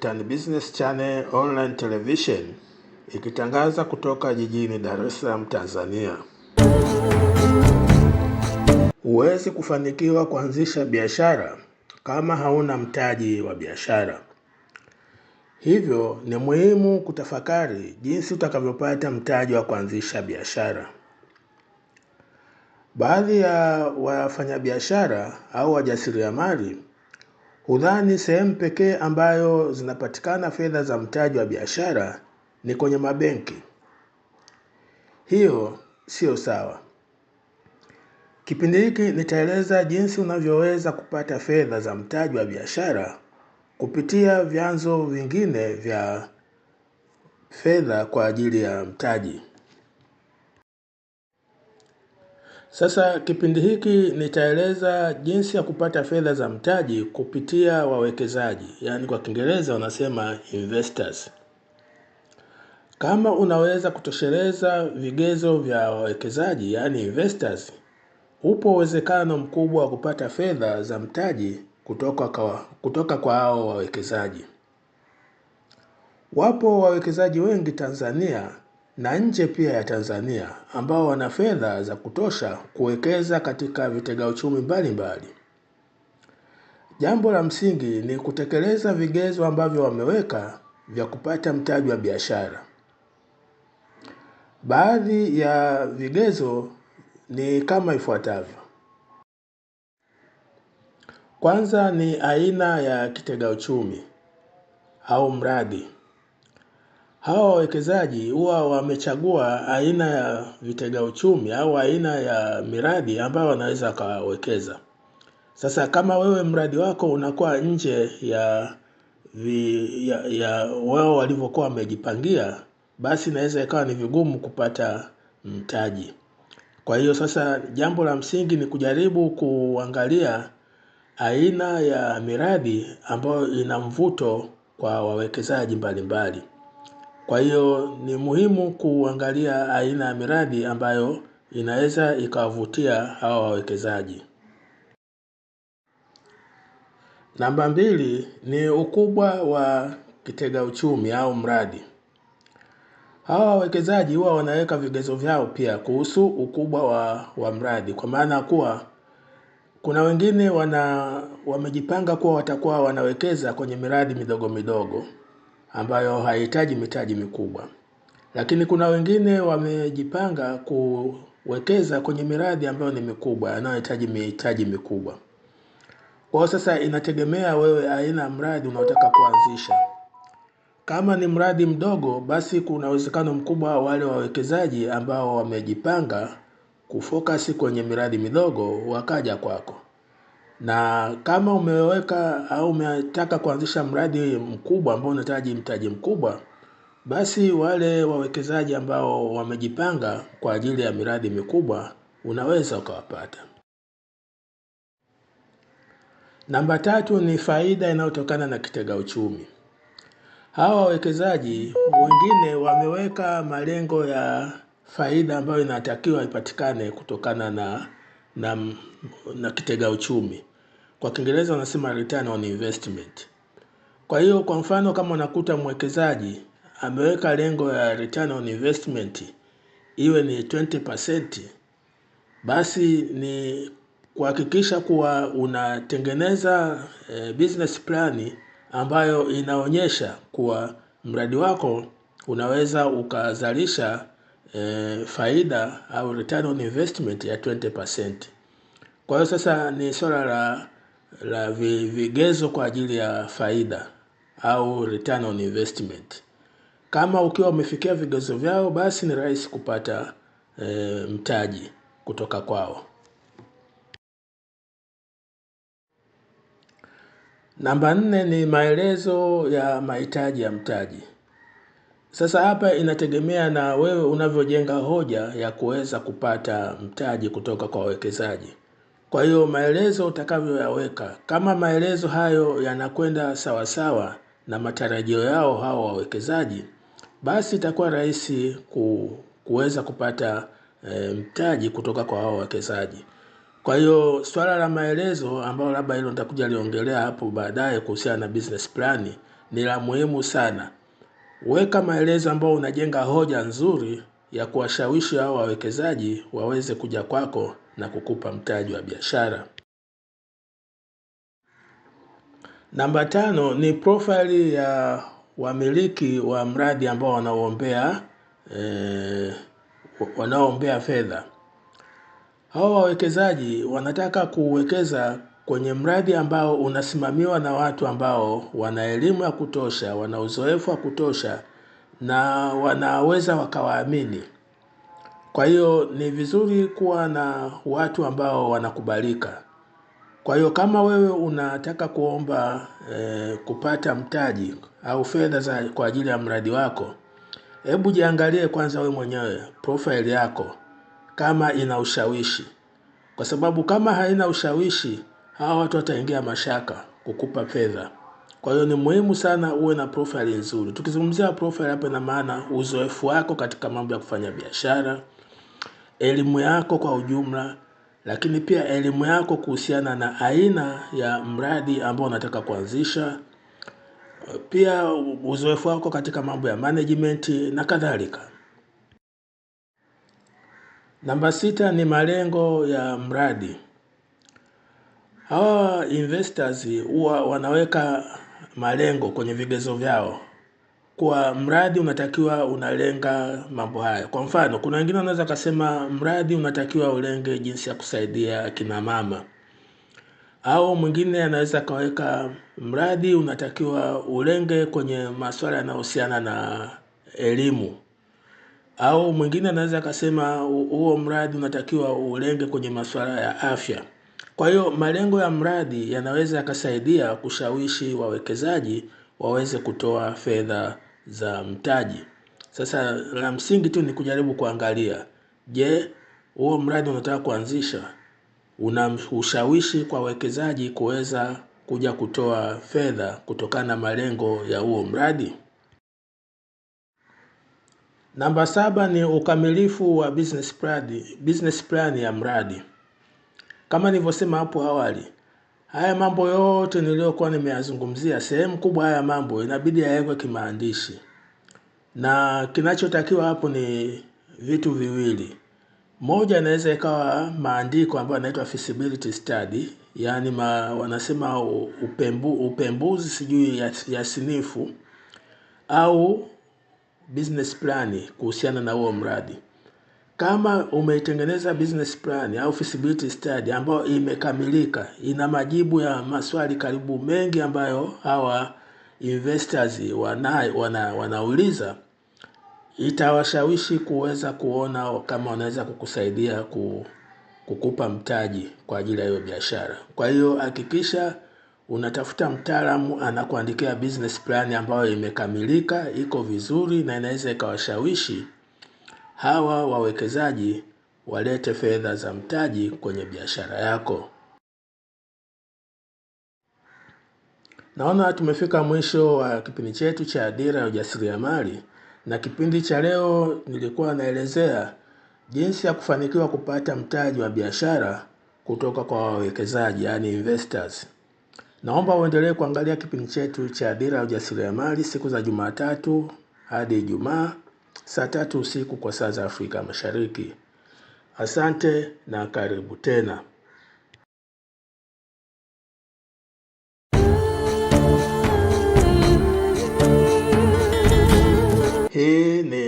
Tan Business Channel Online Television ikitangaza kutoka jijini Dar es Salaam, Tanzania. Huwezi kufanikiwa kuanzisha biashara kama hauna mtaji wa biashara. Hivyo ni muhimu kutafakari jinsi utakavyopata mtaji wa kuanzisha biashara. Baadhi ya wafanyabiashara au wajasiriamali Hudhani sehemu pekee ambayo zinapatikana fedha za mtaji wa biashara ni kwenye mabenki. Hiyo sio sawa. Kipindi hiki nitaeleza jinsi unavyoweza kupata fedha za mtaji wa biashara kupitia vyanzo vingine vya fedha kwa ajili ya mtaji. Sasa kipindi hiki nitaeleza jinsi ya kupata fedha za mtaji kupitia wawekezaji, yaani kwa Kiingereza wanasema investors. Kama unaweza kutosheleza vigezo vya wawekezaji, yaani investors, upo uwezekano mkubwa wa kupata fedha za mtaji kutoka kwa, kutoka kwa hao wawekezaji. Wapo wawekezaji wengi Tanzania na nje pia ya Tanzania ambao wana fedha za kutosha kuwekeza katika vitega uchumi mbalimbali. Jambo la msingi ni kutekeleza vigezo ambavyo wameweka vya kupata mtaji wa biashara. Baadhi ya vigezo ni kama ifuatavyo. Kwanza ni aina ya kitega uchumi au mradi. Hawa wawekezaji huwa wamechagua aina ya vitega uchumi au aina ya miradi ambayo wanaweza wakawekeza. Sasa kama wewe mradi wako unakuwa nje ya, vi, ya, ya wao walivyokuwa wamejipangia, basi inaweza ikawa ni vigumu kupata mtaji. Kwa hiyo sasa jambo la msingi ni kujaribu kuangalia aina ya miradi ambayo ina mvuto kwa wawekezaji mbalimbali. Kwa hiyo ni muhimu kuangalia aina ya miradi ambayo inaweza ikawavutia hawa wawekezaji. Namba mbili ni ukubwa wa kitega uchumi au mradi. Hawa wawekezaji huwa wanaweka vigezo vyao pia kuhusu ukubwa wa, wa mradi. Kwa maana kuwa kuna wengine wana wamejipanga kuwa watakuwa wanawekeza kwenye miradi midogo midogo ambayo haihitaji mitaji mikubwa. Lakini kuna wengine wamejipanga kuwekeza kwenye miradi ambayo ni mikubwa, yanayohitaji mitaji mikubwa. Kwa sasa inategemea wewe aina ya mradi unaotaka kuanzisha. Kama ni mradi mdogo, basi kuna uwezekano mkubwa wale wawekezaji ambao wamejipanga kufokasi kwenye miradi midogo wakaja kwako. Na kama umeweka au umetaka kuanzisha mradi mkubwa ambao unahitaji mtaji mkubwa, basi wale wawekezaji ambao wamejipanga kwa ajili ya miradi mikubwa unaweza ukawapata. Namba tatu ni faida inayotokana na kitega uchumi. Hawa wawekezaji wengine wameweka malengo ya faida ambayo inatakiwa ipatikane kutokana na na, na kitega uchumi. Kwa Kiingereza wanasema return on investment. Kwa hiyo kwa mfano kama unakuta mwekezaji ameweka lengo ya return on investment iwe ni 20%, basi ni kuhakikisha kuwa unatengeneza e, business plan ambayo inaonyesha kuwa mradi wako unaweza ukazalisha eh, faida au return on investment ya 20%. Kwa hiyo sasa ni swala la la vigezo kwa ajili ya faida au return on investment. Kama ukiwa umefikia vigezo vyao, basi ni rahisi kupata e, mtaji kutoka kwao. Namba nne ni maelezo ya mahitaji ya mtaji. Sasa hapa inategemea na wewe unavyojenga hoja ya kuweza kupata mtaji kutoka kwa wawekezaji. Kwa hiyo maelezo utakavyoyaweka, kama maelezo hayo yanakwenda sawasawa na matarajio yao hao wawekezaji, basi itakuwa rahisi ku, kuweza kupata e, mtaji kutoka kwa hao wawekezaji. Kwa hiyo swala la maelezo ambayo labda hilo nitakuja liongelea hapo baadaye kuhusiana na business plan ni la muhimu sana Weka maelezo ambayo unajenga hoja nzuri ya kuwashawishi hao wawekezaji waweze kuja kwako na kukupa mtaji wa biashara. Namba tano ni profile ya wamiliki wa mradi ambao wanaoombea eh, wanaoombea fedha. Hao wawekezaji wanataka kuwekeza kwenye mradi ambao unasimamiwa na watu ambao wana elimu ya kutosha, wana uzoefu wa kutosha na wanaweza wakawaamini. Kwa hiyo ni vizuri kuwa na watu ambao wanakubalika. Kwa hiyo kama wewe unataka kuomba e, kupata mtaji au fedha za kwa ajili ya mradi wako, hebu jiangalie kwanza wewe mwenyewe profile yako kama ina ushawishi, kwa sababu kama haina ushawishi hawa watu wataingia mashaka kukupa fedha. Kwa hiyo ni muhimu sana uwe na profile nzuri. Tukizungumzia profile hapa, ina maana uzoefu wako katika mambo ya kufanya biashara, elimu yako kwa ujumla, lakini pia elimu yako kuhusiana na aina ya mradi ambao unataka kuanzisha, pia uzoefu wako katika mambo ya management na kadhalika. Namba sita ni malengo ya mradi. Hawa investors huwa wanaweka malengo kwenye vigezo vyao. Kwa mradi unatakiwa unalenga mambo haya. Kwa mfano, kuna wengine wanaweza kasema mradi unatakiwa ulenge jinsi ya kusaidia kina mama. Au mwingine anaweza kaweka mradi unatakiwa ulenge kwenye maswala yanayohusiana na elimu. Au mwingine anaweza akasema huo mradi unatakiwa ulenge kwenye maswala ya afya. Kwa hiyo malengo ya mradi yanaweza yakasaidia kushawishi wawekezaji waweze kutoa fedha za mtaji. Sasa la msingi tu ni kujaribu kuangalia. Je, huo mradi unataka kuanzisha. Una ushawishi kwa wawekezaji kuweza kuja kutoa fedha kutokana na malengo ya huo mradi. Namba saba ni ukamilifu wa business plan ya mradi. Kama nilivyosema hapo awali, haya mambo yote niliyokuwa nimeyazungumzia, sehemu kubwa haya mambo inabidi yawekwe kimaandishi, na kinachotakiwa hapo ni vitu viwili. Moja inaweza ikawa maandiko ambayo yanaitwa feasibility study, yaani ma, wanasema upembu, upembuzi sijui yasinifu ya sinifu au business plan kuhusiana na huo mradi. Kama umeitengeneza business plan au feasibility study ambayo imekamilika, ina majibu ya maswali karibu mengi ambayo hawa investors wanai, wana, wanauliza, itawashawishi kuweza kuona kama wanaweza kukusaidia ku, kukupa mtaji kwa ajili ya hiyo biashara. Kwa hiyo hakikisha unatafuta mtaalamu anakuandikia business plan ambayo imekamilika, iko vizuri na inaweza ikawashawishi hawa wawekezaji walete fedha za mtaji kwenye biashara yako. Naona tumefika mwisho wa kipindi chetu cha Dira ya Ujasiriamali, na kipindi cha leo nilikuwa naelezea jinsi ya kufanikiwa kupata mtaji wa biashara kutoka kwa wawekezaji, yani investors. Naomba uendelee kuangalia kipindi chetu cha Dira ya Ujasiriamali siku za Jumatatu hadi Ijumaa saa tatu usiku kwa saa za Afrika Mashariki. Asante na karibu tena. Hii ni